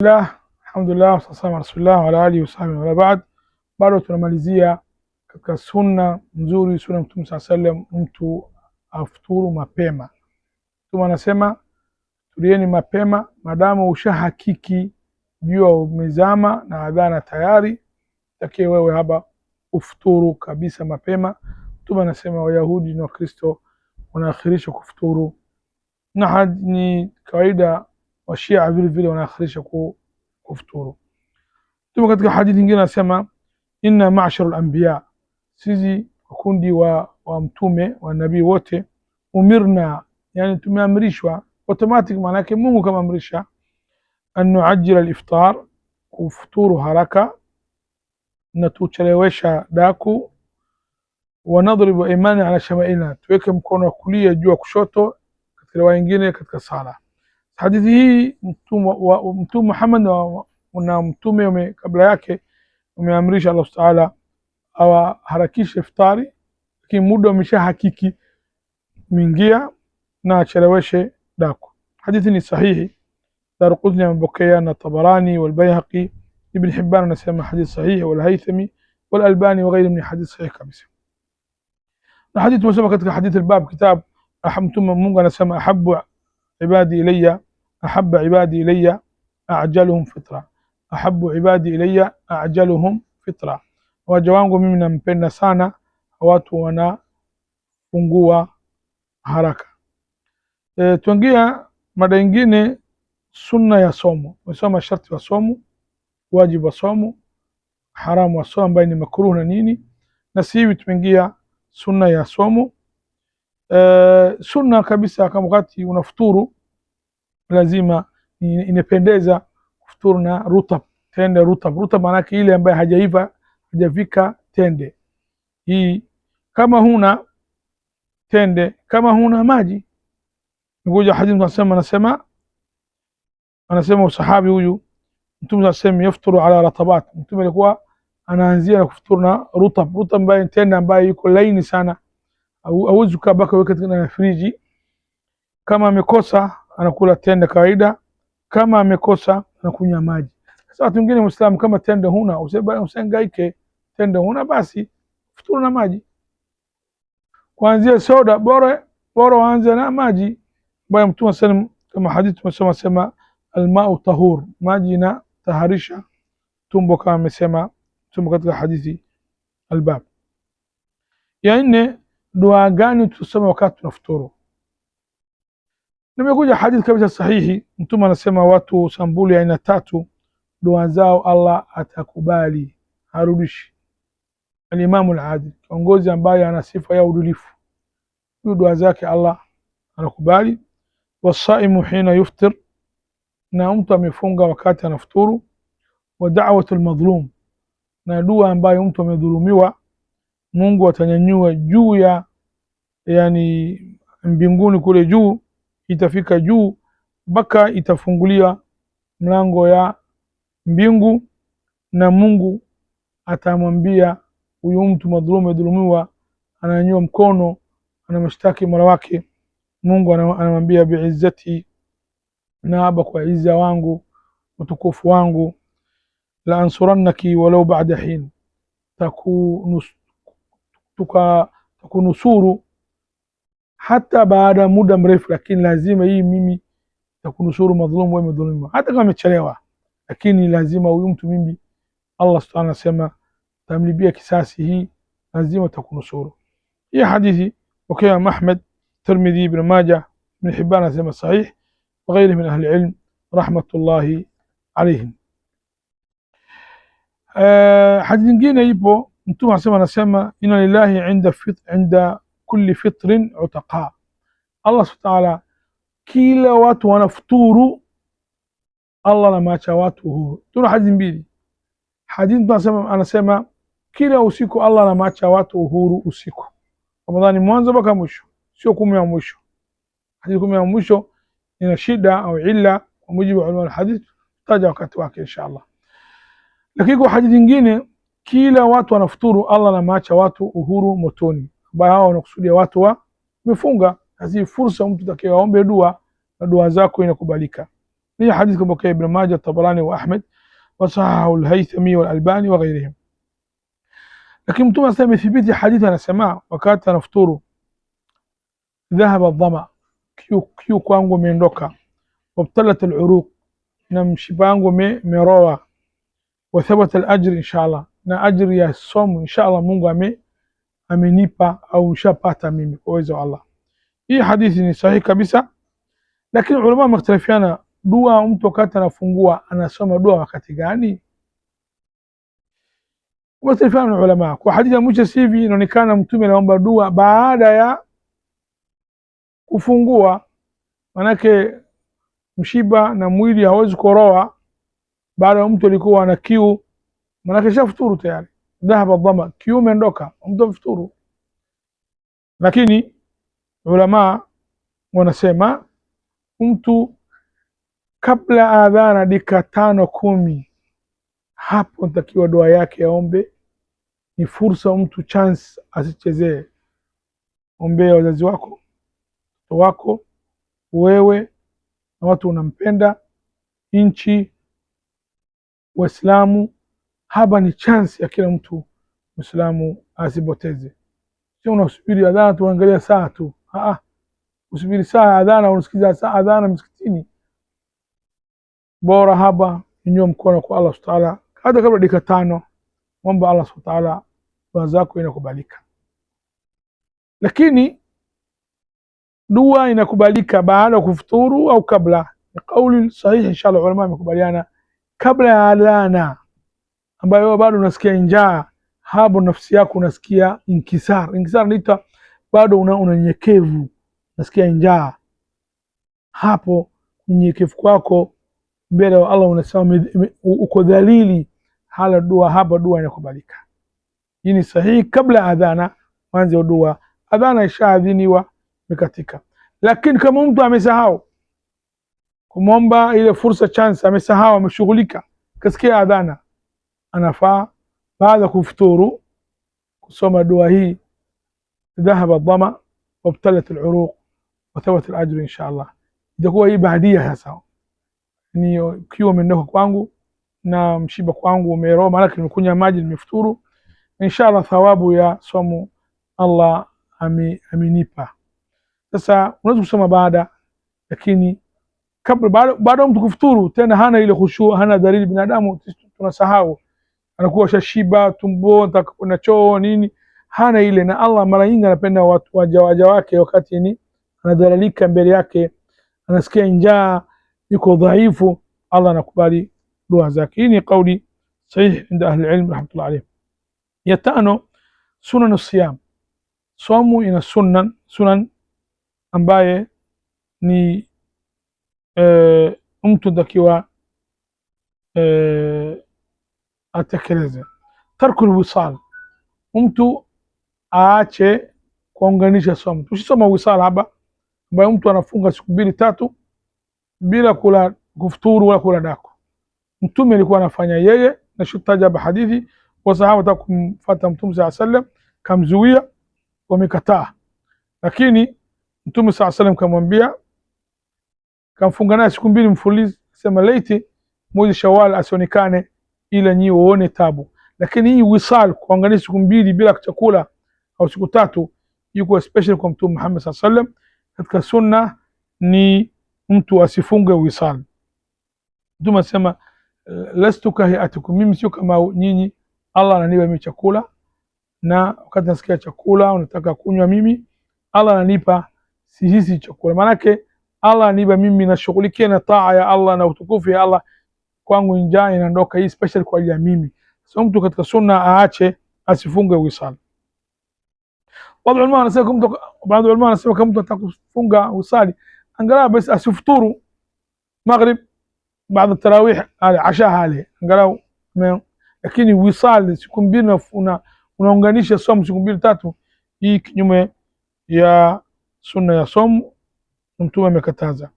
Alhamdulillah, rasulillah wa alihi wasahbihi wa baad. Bado tunamalizia katika sunna nzuri, sunna Mtume saa sallam, mtu afuturu mapema. Mtume anasema turieni mapema, madamu ushahakiki jua umezama na adhana tayari, takie wewe hapa ufuturu kabisa mapema. Mtume anasema Wayahudi na Wakristo wanaakhirisha kufuturu, na ni kawaida Washia vile vile wanaakhirisha kufuturu. Tumo katika hadithi nyingine anasema, inna ma'sharul anbiya, sisi kundi wa, wa mtume wa nabii wote, umirna, yani tumeamrishwa automatic, maana yake Mungu kama amrisha, an nuajjila al-iftar, kufuturu haraka na tuchelewesha daku, wanadhribu imani ala shamaina, tuweke mkono wa kulia juu ya kushoto, katika riwaya nyingine katika sala Hadithi hii Mtume Muhammad na mtume kabla yake umeamrisha Allah subhanahu wa ta'ala awaharakishe iftari, lakini muda umeshahakiki mingia na acheleweshe daku. Hadithi ni sahihi, Darqutni amepokea na Tabarani walbayhaqi, Ibn Hibban anasema hadithi sahihi, walhaithami walalbani waghairi min hadithi sahihi kabisa. Na hadithi tumesema katika hadithi albab kitab, Mtume Mungu anasema ahabu ibadi ilayya ahabba عبادي ilayya ajaluhum fitra, ahabbu عبادي ilayya ajaluhum fitra, waja wangu mimi سانا sana watu wanapungua haraka. E, tuingia mada ingine, sunna ya somo. Tumesoma masharti wa somo, wajibu wa somo, haramu wa somo ambaye ni makruh na nini, na sasa hivi tumeingia sunna ya somo. E, sunna kabisa kama wakati unafuturu lazima inapendeza kufuturu na rutab, tende rutab. Rutab maana yake ile ambayo hajaiva hajafika tende hii. Kama huna tende, kama huna maji, ngoja hadithi tunasema, anasema anasema usahabi huyu Mtume anasema yafuturu ala ratabat. Mtume alikuwa anaanzia na kufuturu na rutab, rutab ambayo tende ambayo iko laini sana, au uzuka baka weka katika friji kama amekosa anakula tende kawaida, kama amekosa anakunywa maji. Sasa watu wengine Muislamu, kama tende huna usengaike, tende huna basi futuru na maji, kuanzia soda, bora bora waanze na maji ambayo Mtume sallam, kama hadithi tumesoma, sema almau tahur, maji na taharisha tumbo, kama amesema tumbo katika hadithi albab. Ya nne, dua gani tusome wakati tunafuturu? Nimekuja hadithi kabisa sahihi, Mtume anasema watu sambuli aina tatu, dua zao Allah atakubali harudishi. Alimamu Aladil, kiongozi ambaye ana sifa ya udulifu, huyu dua zake Allah anakubali. Wasaimu hina yuftir, na mtu amefunga wakati anafuturu. Wa da'watu almadhlum, na dua ambayo mtu amedhulumiwa, Mungu atanyanyua juu ya yani mbinguni kule juu itafika juu mpaka itafungulia mlango ya mbingu, na Mungu atamwambia huyu mtu madhulumu, adhulumiwa, ananyanyua mkono, anamshtaki mola wake. Mungu anamwambia biizzati, naaba kwa izza wangu, utukufu wangu, la ansurannaki walau baada hin, takunusuru hata baada ya muda mrefu, lakini lazima hii mimi takunusuru madhulumu wa madhulumu, hata kama amechelewa, lakini lazima huyu mtu mimi, Allah subhanahu anasema tamlibia kisasi, hii lazima takunusuru. Hii hadithi okay, Ahmad, Tirmidhi, Ibn Majah, Ibn Hibban anasema sahih wa ghairi min ahli ilm rahmatullahi alayhim. Uh, hadithi nyingine ipo, mtume anasema inna lillahi inda fit inda kulli fitrin utaqa. Allah subhanahu wa ta'ala, kila watu wanafuturu, Allah anamwacha watu huru. Tuna hadithi mbili. Hadithi tunasema, anasema kila usiku Allah anamwacha watu uhuru usiku, Ramadhani mwanzo mpaka mwisho, sio kumi ya mwisho. Hadithi kumi ya mwisho ina shida au illa, kwa mujibu wa ulama alhadith, tutaja wakati wake inshallah. Lakini kwa hadithi nyingine, kila watu wanafuturu, Allah anamwacha watu uhuru motoni. Baya hao wanakusudia watu wa mifunga hazi fursa, mtu atakayeomba dua na dua zako inakubalika. Ni hadithi kwa Ibn Majah, Tabarani wa Ahmed wa sahahu al-Haythami wal Albani wa ghayrihim. Lakini Mtume asema thibiti hadithi, anasema wakati anafuturu, dhahaba dhama, kiu kiu kwangu imeondoka, wabtalat al-uruq, na mshipa wangu umeroa, wathabata al-ajr inshallah, na ajri ya somu inshallah Mungu ame amenipa au ushapata mimi kwa uwezo wa Allah. Hii hadithi ni sahihi kabisa, lakini ulama wamekhtalifiana dua mtu wakati anafungua anasoma dua wakati gani? Wamekhtalifiana ulama. Kwa hadithi ya Musa hivi inaonekana mtume anaomba dua baada ya kufungua, manake mshiba na mwili hawezi kuroa baada ya mtu alikuwa ana kiu, manake shafuturu tayari dhahaba dhama, kiume ndoka mtu mfuturu. Lakini ulamaa wanasema mtu kabla adhana dika tano kumi, hapo natakiwa dua yake aombe. Ni fursa mtu, chance asichezee. Ombea wazazi wako, mtoto wako, wewe na watu unampenda, nchi, Waislamu hapa ni chance ya kila mtu Muislamu asipoteze, sio unasubiri adhana tu angalia saa tu. Ah, usubiri saa adhana, unasikiza saa adhana msikitini. Bora hapa inyoa mkono kwa Allah subhanahu wa ta'ala, hata kabla dakika tano, mwomba Allah subhanahu wa ta'ala dua zako inakubalika. Lakini dua inakubalika baada ya kufuturu au kabla. Ni kauli sahihi, inshallah ulama wamekubaliana kabla ya adhana ambayo wewe bado unasikia njaa hapo, nafsi yako unasikia inkisar. Inkisar nita bado una unyenyekevu, unasikia njaa hapo, unyenyekevu kwako mbele wa Allah unasema uko dhalili, hala dua hapo dua inakubalika. Hii ni sahihi, kabla adhana mwanzo wa dua. Adhana ishaadhiniwa imekatika, lakini kama mtu amesahau kumomba ile fursa, chance, amesahau, ameshughulika, kasikia adhana anafaa baada kufuturu kusoma dua hii dhahaba dhama wabtalat aluruq wathabat alajru insha allah. Itakuwa hii baadia sasa, ni ukiwa umeondoka kwangu na mshiba kwangu umeroa, maanake nimekunywa maji, nimefuturu. Insha allah thawabu ya somo Allah amenipa. Sasa unaweza kusoma baada, lakini kabla, baada mtu kufuturu tena hana ile khushu, hana dalili. Binadamu tunasahau anakuwa ushashiba tumbo, nataka kwenda choo nini, hana ile. Na Allah mara nyingi anapenda watu waja waja wake, wakati ni anadhalilika mbele yake, anasikia njaa, yuko dhaifu, Allah anakubali dua zake. Hii ni kauli sahihi inda ahli ilm rahmatullah alayhi. Ya tano, sunan siyam, somu ina sunan, sunan ambaye ni e, mtu takiwa e, eh, atekeleze. Tarkul wisal, mtu aache kuunganisha somo. Tushasoma wisal hapa, ambayo mtu anafunga siku mbili tatu bila kula kufuturu wala kula dako. Mtume alikuwa anafanya yeye, na shutaja hapa hadithi sahaba ta kumfuata Mtume saa sallam, kamzuia wamekataa, lakini Mtume saa sallam kamwambia, kamfunga naye siku mbili mfulizi, sema laiti mwezi Shawal asionekane ila nyinyi uone tabu. Lakini hii wisal kuangalia siku mbili bila chakula au siku tatu iko special kwa Mtume Muhammad sallallahu alaihi wasallam. Katika sunna ni mtu asifunge wisal. Mtume asema eh, lastu kahiyatukum, mimi sio kama nyinyi. Allah ananipa mimi chakula na wakati nasikia chakula unataka kunywa, mimi Allah ananipa sihisi chakula, maanake Allah ananipa mimi, nashughulikia na taa ya Allah na utukufu ya Allah kwangu njaa inaondoka, hii special kwa ajili ya mimi. So mtu katika sunna aache asifunge wisal. Baadhi ulama wanasema kama mtu baadhi ulama wanasema kama mtu atakufunga usali angalau basi asifuturu maghrib baada tarawih ala asha hali angalau, lakini wisal siku mbili una unaunganisha somo siku mbili tatu, hii kinyume ya sunna ya somo, mtume amekataza.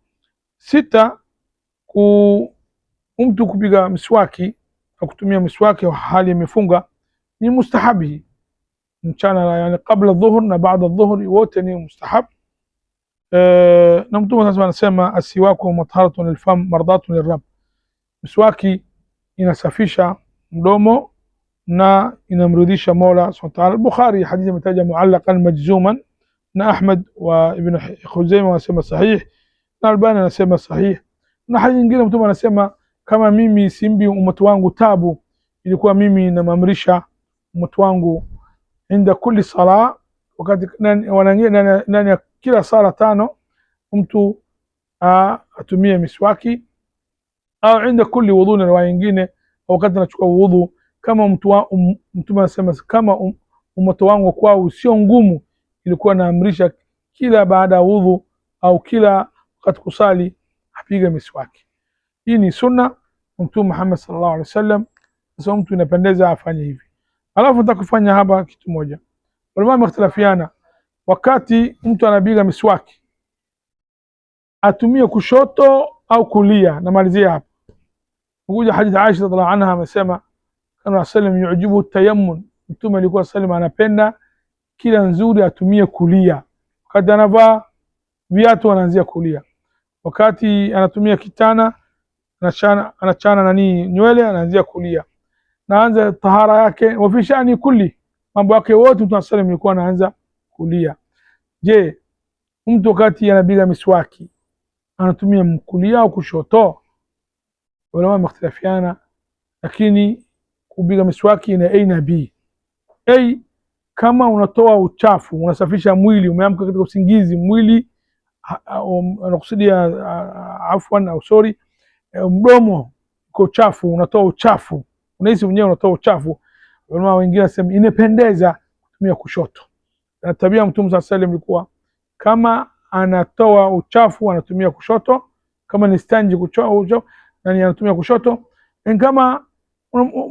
Sita ku mtu kupiga mswaki au kutumia mswaki hali amefunga ni mustahabi mchana, yani kabla dhuhur na baada dhuhur, wote ni mustahab. Uh, Na Mtume anasema asiwaku matharatun lilfam mardatun lirab, mswaki inasafisha mdomo na inamrudisha Mola subhanahu wa ta'ala. Bukhari hadithi imetaja muallaqan majzuman, na Ahmad wa Ibn Khuzaimah wanasema sahih, na Albani anasema sahih, na hadithi nyingine Mtume anasema kama mimi simbi umati wangu tabu, ilikuwa mimi namamrisha umati wangu inda kulli sala, wakati ndani ya kila sala tano mtu atumie miswaki au inda kulli wudhu, na wengine wakati anachukua wudhu. Kama mtu um, anasema kama um, umati wangu kwao sio ngumu, ilikuwa naamrisha kila baada ya wudhu au kila wakati kusali apiga miswaki. Hii ni sunna Mtume Muhammad sallallahu alaihi wasallam. Sasa mtu inapendeza afanye hivi. Alafu nataka kufanya hapa kitu moja, ulama wamekhtalafiana, wakati mtu anabiga miswaki atumie kushoto au kulia. Namalizia hapa, kuja hadith Aisha radhiallahu anha amesema kana sallam yujibu tayammun, mtume alikuwa sallam anapenda kila nzuri atumie kulia, wakati anavaa viatu anaanzia kulia, wakati anatumia kitana anachana, anachana nani nywele anaanzia kulia, naanza tahara yake. Wafishani kuli mambo yake wote Mtume sallam alikuwa anaanza kulia. Je, mtu wakati anabiga miswaki anatumia mkulia au kushoto? Ulama wamekhtalafiana, lakini kubiga miswaki ina a na b. A, kama unatoa uchafu unasafisha mwili, umeamka katika usingizi mwili, um, nakusudia uh, uh, afwan au sorry Eh, mdomo uko chafu, unatoa uchafu, unahisi mwenyewe unatoa uchafu. Ulama wengine wanasema inapendeza kutumia kushoto, na tabia Mtume sallallahu alayhi wasallam ilikuwa kama anatoa uchafu anatumia kushoto, kama ni stanji kuchoa nani anatumia kushoto, na kama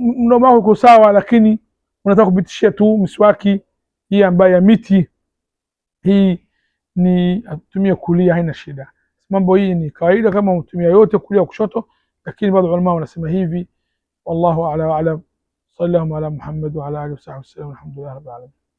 mdomo wako uko sawa, lakini unataka kupitishia tu miswaki hii ambayo ya miti hii, ni atumie kulia, haina shida. mambo hii ni kawaida kama mtumia yote kulia kushoto, lakini bado ulama wanasema hivi. Wallahu ala wa alam. Sallallahu ala Muhammad wa ala alihi wa sahbihi wasallam. Alhamdulillah rabbil alamin.